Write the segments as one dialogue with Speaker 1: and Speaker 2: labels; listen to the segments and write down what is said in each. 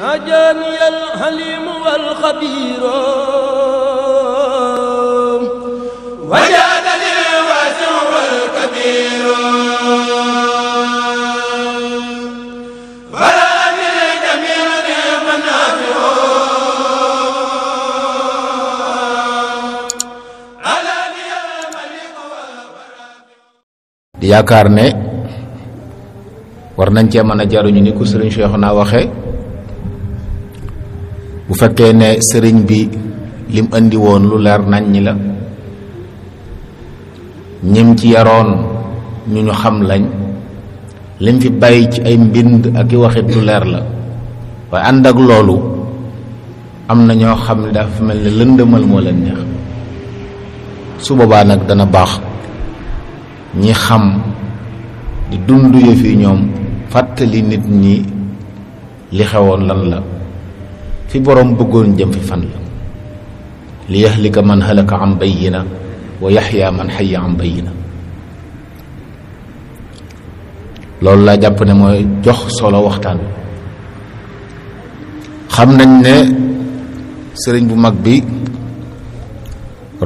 Speaker 1: هجاني الحليم والخبير وجادني الواسع والكبير بلاني جميع yaakaar ne war nañ cee mën a jaruñu ni ko Serigne Cheikh naa waxee bu fekke ne sëriñ bi lim andi won lu leer ni la ñim ci yaroon ñu ñu xam lañ lim fi bàyyi ci ay mbind ak waxit lu leer la waaye and ak loolu am na ñoo xam ne dafa mel ne lëndëmal moo leen neex su boobaa nag dana baax ñi xam di dund yëf yi ñoom fàttali nit ñi li xewoon lan la fi boroom bëggoon jëm fi fan la li yahlika man halaka an bayina wa yaxya man xaya an bayina loolu laa jàpp ne mooy jox solo waxtaan xam nañ ne sëriñ bu mag bi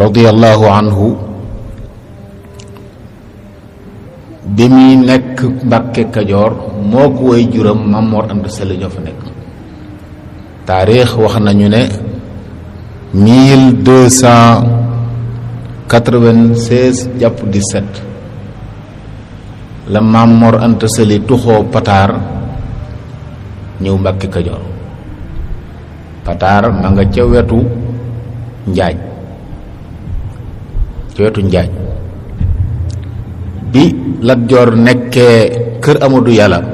Speaker 1: radiallahu anhu bi muy nekk Mbàkke Kajoor moo ko way juram Maam Moor Anta ñoo fa nekk tarikh wax nañu ne 1296 japp 17 la mam mor anteseli tuxo patar ñew ñëw mbàkki kajoor pataar ma nga ci wetu njaaj ci wetu njaaj bi la joor nekkee keur amadou yalla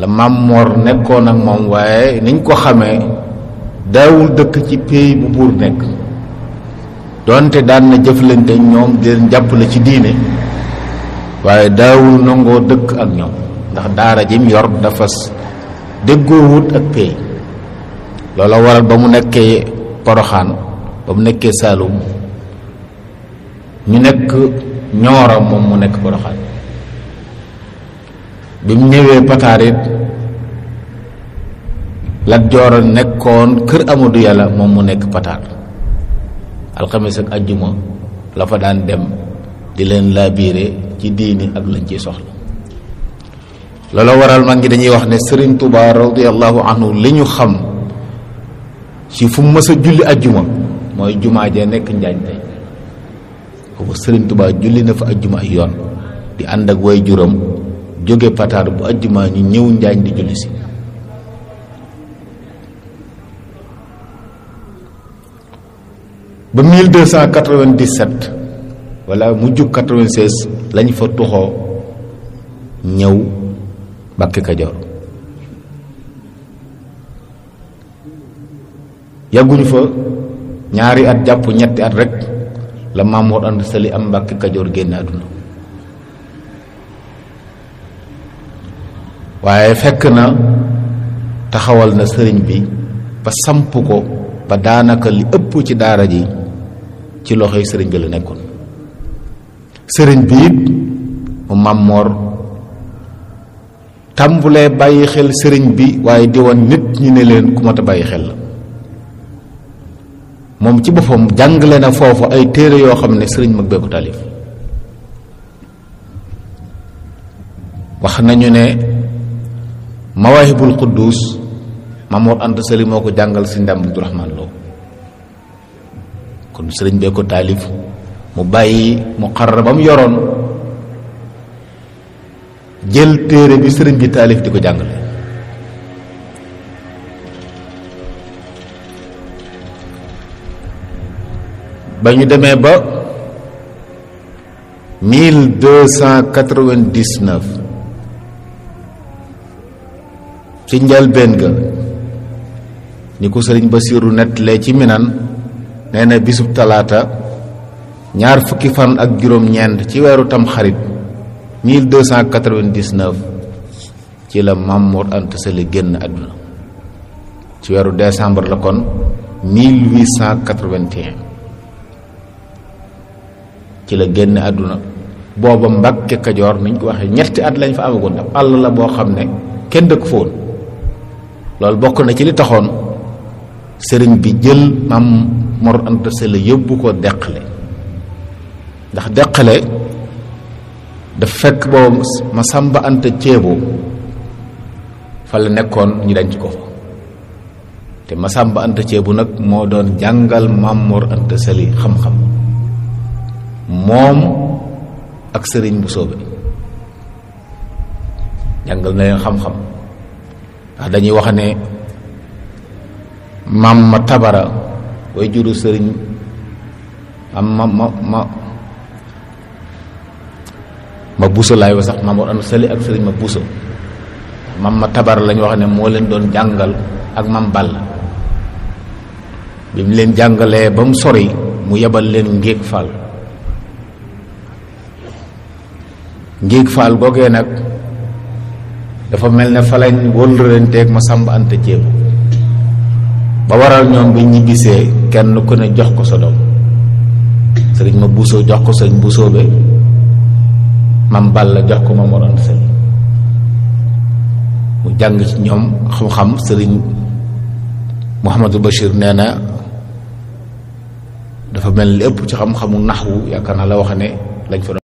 Speaker 1: la maam Mor nekkoon ak moom waaye niñ ko xamee daawul dëkk ci pays bu buur nekk doonte daan na jëflante ñoom di leen la ci diine waaye daawul nangoo dëkk ak ñoom ndax daara jim yor dafa déggoowut ak pays loola waral ba mu nekkee Poroxaan ba mu nekkee Saalum ñu nekk Ñoora moom mu nekk Poroxaan bi mu ñëwee pataarit Lat Joor nekkoon kër amadu Yàlla moom mu nekk pataar alxames ak ajjuma la daan dem di leen laabiire ci diini ak lañ ci soxla loolu waral mag ngi dañuy wax ne Sëriñ Tuubaa radiyallahu anhu li ñu xam ci fu mu mës a julli ajjuma mooy jumaa jee nekk njaañ tey boobu Sëriñ tubaa julli na fa ajjuma ay yoon di ànd ak way juram jóge pataar bu ajjuma ñu ñëw njaañ di julli si ba 1297 wala mujjug 96 lañ fa tuxoo ñëw Mbàkke Kajoor yàgguñu fa ñaari at jàpp ñetti at rek la Maamoor Anta Sali am Mbàkke Kajoor génn àdduna waaye fekk na taxawal na sëriñ bi ba samp ko ba daanaka li ëpp ci daara ji ci loxoy serigne bi la nekkoon sëriñ bi it mu màmmoor tàmbulee bàyyi xel serigne bi waye di won nit ñi ne len ku mat a xel mom ci boppam jàngale na fofu ay téré yo xam ne sëriñ mag bee ko wax nañu ne mawahibul quddus mamour ant moko ko si ndam abdourahman kon serign be ko talif mu bàyyi mu yoron, ba jël téré bi serign bi talif diko ko bañu démé ba 1299 ci ben ga ni ko basirou net lé ci minan neena bisub talata ñaar fukki fan ak juróom-ñeent ci weeru tam xarit 1299 ci la Mamour Anta Sali génn àdduna ci weeru décembre la kon 1881 ci la génn àdduna booba mbàkke kajoor niñ ko waxee ñetti at lañ fa amagoon ndax àll la boo xam ne kenn dëkk fa woon na ci li taxoon sëriñ bi jël mam Mor Anta Sële yóbbu ko deqale ndax deqale daf fekk boobu ma sàmba anta ceeboo fa la nekkoon ñu denc ko fa te ma sàmba anta ceebu nag moo doon jàngal maam Mor Anta Sële xam-xam moom ak sëriñ bu soobe jàngal na leen xam-xam ndax dañuy wax ne maam ma tabara way juru sëriñ am ma ma ma ma busa laay wa sax maam war am sëli ak sëriñ ma busa mam ma tabar lañ wax ne moo leen doon jàngal ak mam ball bi mu leen jàngalee ba mu sori mu yebal leen ngéeg faal ngéeg faal googee nag dafa mel ne fa lañ wëllu leen teeg ma sàmb anta jéego ba waral ñoom bi ñibbisee kenn ku ne jox ko sa doom sëriñ ma buso jox ko sëñ buusoo be mam balla jox ko ma moroon sëñ mu jàng ci ñoom xam-xam sëriñ Mouhamadou Bachir nee na dafa mel ni ci xam-xamu nax naxwu yaakaar naa la wax ne lañ fa